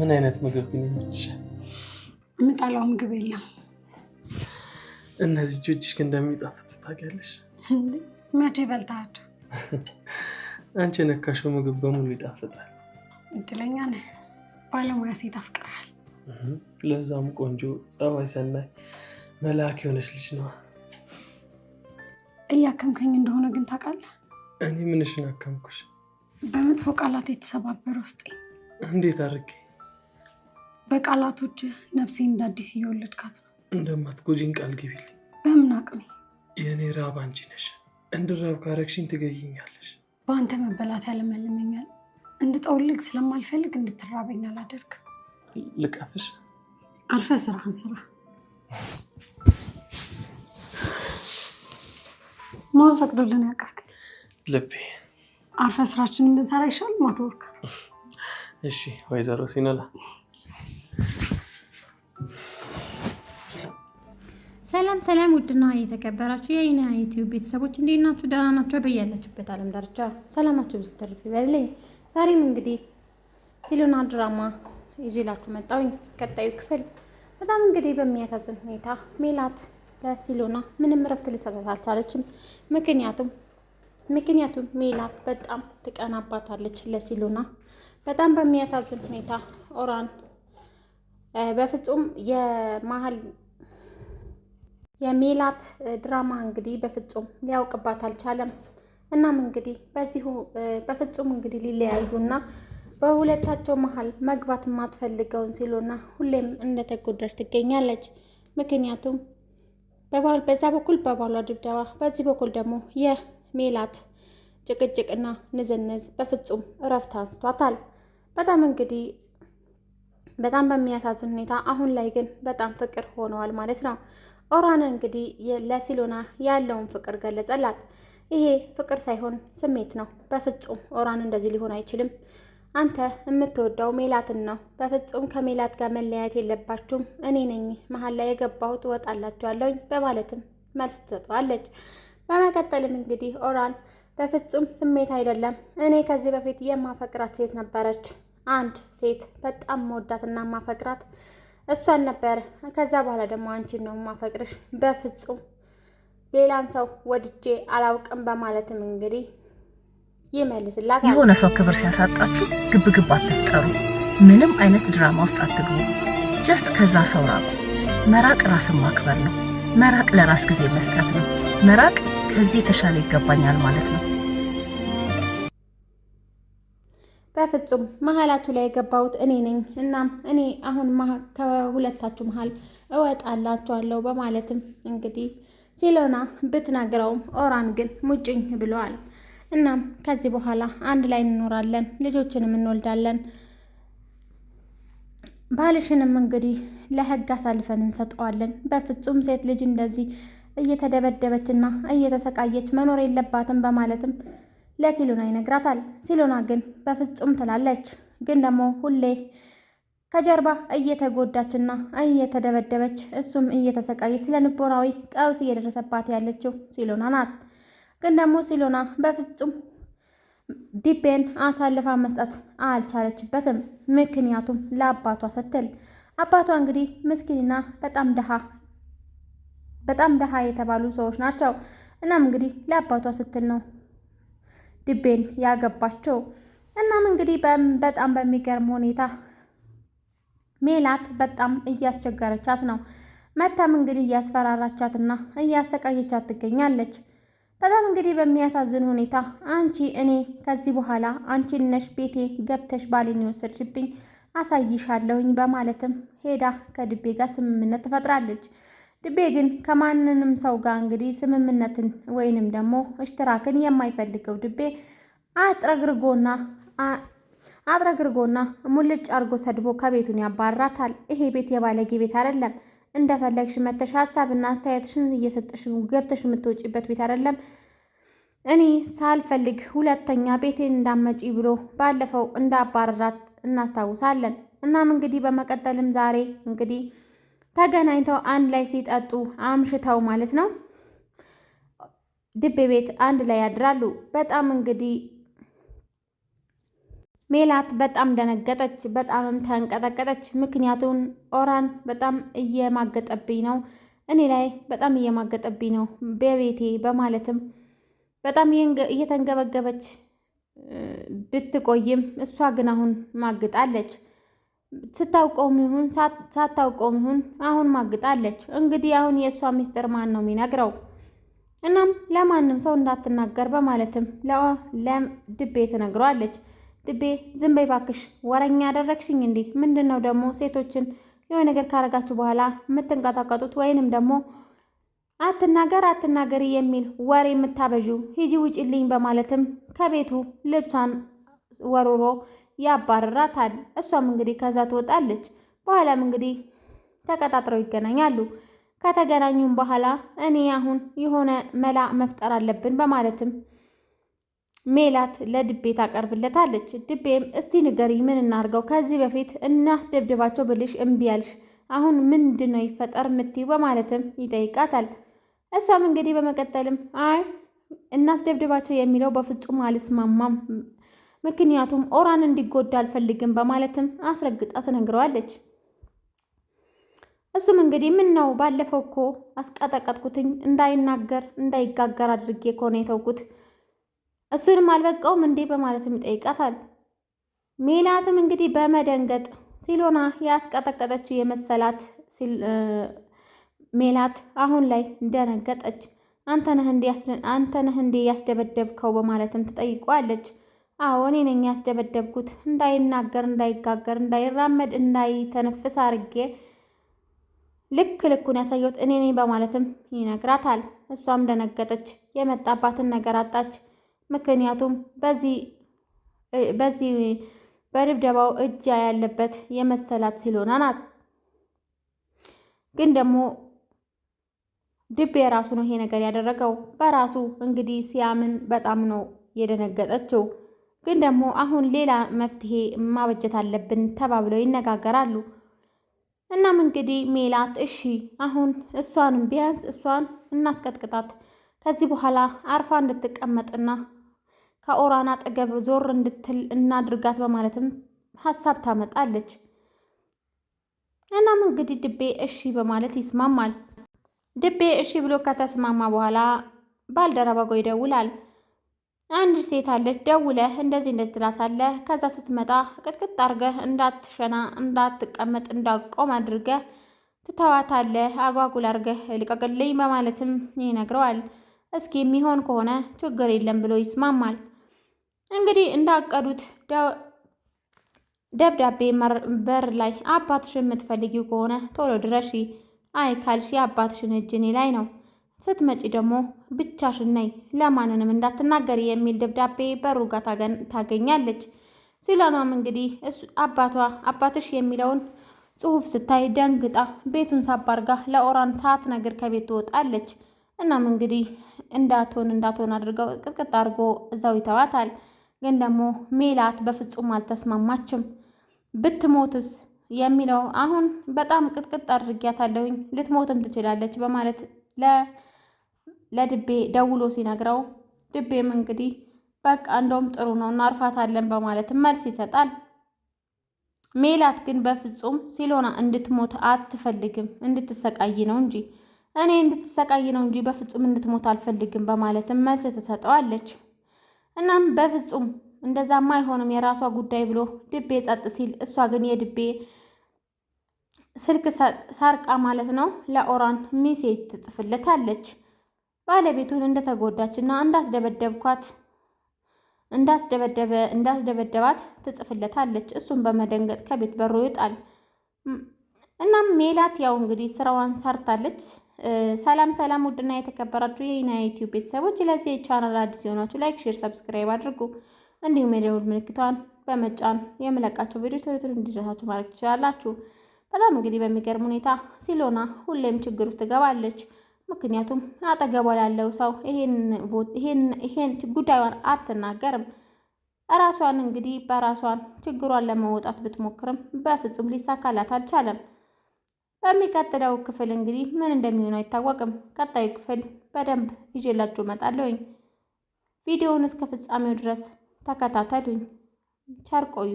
ምን አይነት ምግብ ግን ይመችሻል? የምጠላው ምግብ የለም። እነዚህ እጆችሽ ግን እንደሚጣፍጥ ታውቂያለሽ። መቼ በልታቸው? አንቺ የነካሽው ምግብ በሙሉ ይጣፍጣል። እድለኛ ነህ፣ ባለሙያ ሴት አፍቅረሃል። ለዛም ቆንጆ ጸባይ ሰናይ መልአክ የሆነች ልጅ ነዋ። እያከምከኝ እንደሆነ ግን ታውቃለህ። እኔ ምንሽን አከምኩሽ? በመጥፎ ቃላት የተሰባበረ ውስጤ እንዴት አድርጌ በቃላቶች ነፍሴን እንደ አዲስ እየወለድካት ነው። እንደማትጎጂኝ ቃል ግቢልኝ። በምን አቅሜ? የእኔ ራብ አንቺ ነሽ። እንድራብ ካረግሽኝ ትገይኛለሽ። በአንተ መበላት ያለመልመኛል። እንድጠውልግ ስለማልፈልግ እንድትራበኝ አላደርግም። ልቀፍሽ። አርፈ ስራህን ስራ። ማን ፈቅዶልን ያቀፍክ? ልቤ። አርፈ ስራችንን ብንሰራ ይሻል። ማትወርክ። እሺ ወይዘሮ ሲኖላ ሰላም ሰላም፣ ውድና የተከበራችሁ የአይና ዩቲዩብ ቤተሰቦች እንዴት ናችሁ? ደህና ናችሁ? በያላችሁበት ዓለም ዳርቻ ሰላማችሁ ብዙ ተርፍ ይበልልኝ። ዛሬም እንግዲህ ሲሎና ድራማ ይዤላችሁ መጣሁኝ። ቀጣዩ ክፍል በጣም እንግዲህ በሚያሳዝን ሁኔታ ሜላት ለሲሎና ምንም እረፍት ልሰጠት አልቻለችም። ምክንያቱም ምክንያቱም ሜላት በጣም ትቀናባታለች ለሲሎና በጣም በሚያሳዝን ሁኔታ ኦራን በፍጹም የመሀል የሜላት ድራማ እንግዲህ በፍጹም ሊያውቅባት አልቻለም። እናም እንግዲህ በዚሁ በፍጹም እንግዲህ ሊለያዩና በሁለታቸው መሀል መግባት የማትፈልገውን ሲሉና ሁሌም እንደተጎዳች ትገኛለች። ምክንያቱም በባል በዛ በኩል በባሏ ድብደባ፣ በዚህ በኩል ደግሞ የሜላት ጭቅጭቅና ንዝንዝ በፍጹም እረፍት አንስቷታል። በጣም እንግዲህ በጣም በሚያሳዝን ሁኔታ አሁን ላይ ግን በጣም ፍቅር ሆነዋል ማለት ነው። ኦራን እንግዲህ ለሲሎና ያለውን ፍቅር ገለጸላት። ይሄ ፍቅር ሳይሆን ስሜት ነው። በፍጹም ኦራን እንደዚህ ሊሆን አይችልም። አንተ የምትወደው ሜላትን ነው። በፍጹም ከሜላት ጋር መለያየት የለባችሁም። እኔ ነኝ መሀል ላይ የገባሁት፣ እወጣላችኋለሁኝ በማለትም መልስ ትሰጠዋለች። በመቀጠልም እንግዲህ ኦራን በፍጹም ስሜት አይደለም፣ እኔ ከዚህ በፊት የማፈቅራት ሴት ነበረች። አንድ ሴት በጣም መወዳትና ማፈቅራት እሷን ነበር። ከዛ በኋላ ደግሞ አንቺን ነው ማፈቅርሽ፣ በፍጹም ሌላን ሰው ወድጄ አላውቅም በማለትም እንግዲህ ይመልስላት። የሆነ ሰው ክብር ሲያሳጣችሁ ግብግብ አትፍጠሩ። ምንም አይነት ድራማ ውስጥ አትግቡ። ጀስት ከዛ ሰው ራቁ። መራቅ ራስን ማክበር ነው። መራቅ ለራስ ጊዜ መስጠት ነው። መራቅ ከዚህ የተሻለ ይገባኛል ማለት ነው። በፍጹም መሀላችሁ ላይ የገባሁት እኔ ነኝ። እናም እኔ አሁን ከሁለታችሁ መሀል እወጣላችኋለሁ በማለትም እንግዲህ ሲሎና ብትነግረውም ኦራን ግን ሙጭኝ ብለዋል። እናም ከዚህ በኋላ አንድ ላይ እንኖራለን፣ ልጆችንም እንወልዳለን፣ ባልሽንም እንግዲህ ለህግ አሳልፈን እንሰጠዋለን። በፍጹም ሴት ልጅ እንደዚህ እየተደበደበችና እየተሰቃየች መኖር የለባትም በማለትም ለሲሎና ይነግራታል። ሲሎና ግን በፍጹም ትላለች። ግን ደግሞ ሁሌ ከጀርባ እየተጎዳችና እየተደበደበች እሱም እየተሰቃየች ስለ ልቦናዊ ቀውስ እየደረሰባት ያለችው ሲሎና ናት። ግን ደግሞ ሲሎና በፍጹም ዲቤን አሳልፋ መስጠት አልቻለችበትም። ምክንያቱም ለአባቷ ስትል አባቷ እንግዲህ ምስኪንና በጣም ደሃ በጣም ደሃ የተባሉ ሰዎች ናቸው። እናም እንግዲህ ለአባቷ ስትል ነው ድቤን ያገባቸው። እናም እንግዲህ በጣም በሚገርም ሁኔታ ሜላት በጣም እያስቸገረቻት ነው። መታም እንግዲህ እያስፈራራቻትና እያሰቃየቻት ትገኛለች። በጣም እንግዲህ በሚያሳዝን ሁኔታ አንቺ እኔ ከዚህ በኋላ አንቺ ነሽ ቤቴ ገብተሽ ባሌን የወሰድሽብኝ አሳይሻለሁኝ በማለትም ሄዳ ከድቤ ጋር ስምምነት ትፈጥራለች። ድቤ ግን ከማንንም ሰው ጋር እንግዲህ ስምምነትን ወይንም ደግሞ እሽትራክን የማይፈልገው ድቤ አጥረግርጎና አጥረግርጎና ሙልጭ አርጎ ሰድቦ ከቤቱን ያባራታል። ይሄ ቤት የባለጌ ቤት አይደለም። እንደፈለግሽ መተሽ ሀሳብና አስተያየትሽን እየሰጠሽ ገብተሽ የምትወጪበት ቤት አይደለም። እኔ ሳልፈልግ ሁለተኛ ቤቴን እንዳመጪ ብሎ ባለፈው እንዳባረራት እናስታውሳለን። እናም እንግዲህ በመቀጠልም ዛሬ እንግዲህ ተገናኝተው አንድ ላይ ሲጠጡ አምሽተው ማለት ነው ድቤ ቤት አንድ ላይ ያድራሉ። በጣም እንግዲህ ሜላት በጣም ደነገጠች፣ በጣምም ተንቀጠቀጠች። ምክንያቱም ኦራን በጣም እየማገጠብኝ ነው፣ እኔ ላይ በጣም እየማገጠብኝ ነው በቤቴ በማለትም በጣም እየተንገበገበች ብትቆይም እሷ ግን አሁን ማግጣለች። ስታውቀውም ይሁን ሳታውቀውም ይሁን አሁን ማግጣለች። እንግዲህ አሁን የእሷ ሚስጥር ማን ነው የሚነግረው? እናም ለማንም ሰው እንዳትናገር በማለትም ለድቤ ትነግረዋለች። ድቤ ዝም በይ ባክሽ፣ ወረኛ ያደረግሽኝ እንዴ? ምንድን ነው ደግሞ ሴቶችን የሆነ ነገር ካረጋችሁ በኋላ የምትንቀጠቀጡት ወይንም ደግሞ አትናገር አትናገሪ የሚል ወሬ የምታበዥው ሂጂ ውጭልኝ በማለትም ከቤቱ ልብሷን ወሮሮ ያባረራታል። እሷም እንግዲህ ከዛ ትወጣለች። በኋላም እንግዲህ ተቀጣጥረው ይገናኛሉ። ከተገናኙም በኋላ እኔ አሁን የሆነ መላ መፍጠር አለብን በማለትም ሜላት ለድቤ ታቀርብለታለች። ድቤም እስቲ ንገሪ፣ ምን እናርገው? ከዚህ በፊት እናስደብድባቸው ብልሽ እምቢ አሁን ምንድን ነው ይፈጠር የምትይው? በማለትም ይጠይቃታል። እሷም እንግዲህ በመቀጠልም አይ እናስደብድባቸው የሚለው በፍጹም አልስማማም ምክንያቱም ኦራን እንዲጎዳ አልፈልግም በማለትም አስረግጣ ትነግረዋለች። እሱም እንግዲህ ምን ነው ባለፈው እኮ አስቀጠቀጥኩትኝ እንዳይናገር እንዳይጋገር አድርጌ ከሆነ የተውኩት እሱንም አልበቃውም እንዴ በማለትም ይጠይቃታል። ሜላትም እንግዲህ በመደንገጥ ሲሎና ያስቀጠቀጠችው የመሰላት ሜላት አሁን ላይ እንደነገጠች አንተነህ እንዴ ያስደበደብከው በማለትም ትጠይቋለች። አዎ እኔ ነኝ ያስደበደብኩት እንዳይናገር እንዳይጋገር እንዳይራመድ እንዳይተነፍስ አርጌ ልክ ልኩን ያሳየሁት እኔ ነኝ በማለትም ይነግራታል። እሷም ደነገጠች፣ የመጣባትን ነገር አጣች። ምክንያቱም በዚህ በዚህ በድብደባው እጅ ያለበት የመሰላት ሲሎና ናት። ግን ደግሞ ድቤ የራሱ ነው ይሄ ነገር ያደረገው በራሱ እንግዲህ ሲያምን በጣም ነው የደነገጠችው። ግን ደግሞ አሁን ሌላ መፍትሄ ማበጀት አለብን ተባብለው ይነጋገራሉ። እናም እንግዲህ ሜላት እሺ አሁን እሷንም ቢያንስ እሷን እናስቀጥቅጣት ከዚህ በኋላ አርፋ እንድትቀመጥና ከኦራን አጠገብ ዞር እንድትል እናድርጋት በማለትም ሀሳብ ታመጣለች። እናም እንግዲህ ድቤ እሺ በማለት ይስማማል። ድቤ እሺ ብሎ ከተስማማ በኋላ ባልደረባ ጎ ይደውላል። አንድ ሴት አለች ደውለህ እንደዚህ እንደዚህ ትላታለህ። ከዛ ስትመጣ ቅጥቅጥ አርገ እንዳትሸና እንዳትቀመጥ እንዳቆም አድርገህ ትተዋታለህ። አጓጉል አርገ ልቀቅልኝ በማለትም ይነግረዋል። እስኪ የሚሆን ከሆነ ችግር የለም ብሎ ይስማማል። እንግዲህ እንዳቀዱት ደብዳቤ በር ላይ አባትሽን የምትፈልጊው ከሆነ ቶሎ ድረሺ፣ አይ ካልሽ አባትሽን እጅ እኔ ላይ ነው ስትመጪ ደግሞ ብቻሽን ነይ ለማንንም እንዳትናገሪ የሚል ደብዳቤ በሩ ጋር ታገኛለች። ሲላኗም እንግዲህ አባቷ አባትሽ የሚለውን ጽሑፍ ስታይ ደንግጣ ቤቱን ሳባርጋ ለኦራን ሰዓት ነገር ከቤት ትወጣለች። እናም እንግዲህ እንዳትሆን እንዳትሆን አድርገው ቅጥቅጥ አድርጎ እዛው ይተዋታል። ግን ደግሞ ሜላት በፍጹም አልተስማማችም። ብትሞትስ የሚለው አሁን በጣም ቅጥቅጥ አድርጊያታለሁኝ ልትሞትም ትችላለች በማለት ለ ለድቤ ደውሎ ሲነግረው ድቤም እንግዲህ በቃ እንደውም ጥሩ ነው እናርፋታለን በማለት መልስ ይሰጣል። ሜላት ግን በፍጹም ሲሎና እንድትሞት አትፈልግም፣ እንድትሰቃይ ነው እንጂ እኔ እንድትሰቃይ ነው እንጂ በፍጹም እንድትሞት አልፈልግም በማለትም መልስ ትሰጠዋለች። እናም በፍጹም እንደዛማ አይሆንም የራሷ ጉዳይ ብሎ ድቤ ጸጥ ሲል፣ እሷ ግን የድቤ ስልክ ሰርቃ ማለት ነው ለኦራን ሚሴጅ ትጽፍለታለች። ባለቤቱን እንደተጎዳችና እንዳስደበደብኳት እንዳስደበደበ እንዳስደበደባት ትጽፍለታለች። እሱም በመደንገጥ ከቤት በሩ ይወጣል። እናም ሜላት ያው እንግዲህ ስራዋን ሰርታለች። ሰላም ሰላም! ውድና የተከበራችሁ የኢና ዩቲዩብ ቤተሰቦች ለዚህ ቻናል አዲስ የሆናችሁ ላይክ፣ ሼር፣ ሰብስክራይብ አድርጉ። እንዲሁም የደውል ምልክቷን በመጫን የምለቃቸው ቪዲዮ ቶሎ ቶሎ እንዲደርሳችሁ ማድረግ ትችላላችሁ። በጣም እንግዲህ በሚገርም ሁኔታ ሲሎና ሁሌም ችግር ውስጥ ትገባለች። ምክንያቱም አጠገቧ ላለው ሰው ይሄን ጉዳዩን አትናገርም። እራሷን እንግዲህ በራሷን ችግሯን ለመውጣት ብትሞክርም በፍጹም ሊሳካላት አልቻለም። በሚቀጥለው ክፍል እንግዲህ ምን እንደሚሆን አይታወቅም። ቀጣዩ ክፍል በደንብ ይዤላችሁ እመጣለሁኝ። ቪዲዮውን እስከ ፍጻሜው ድረስ ተከታተሉኝ። ቸር ቆዩ።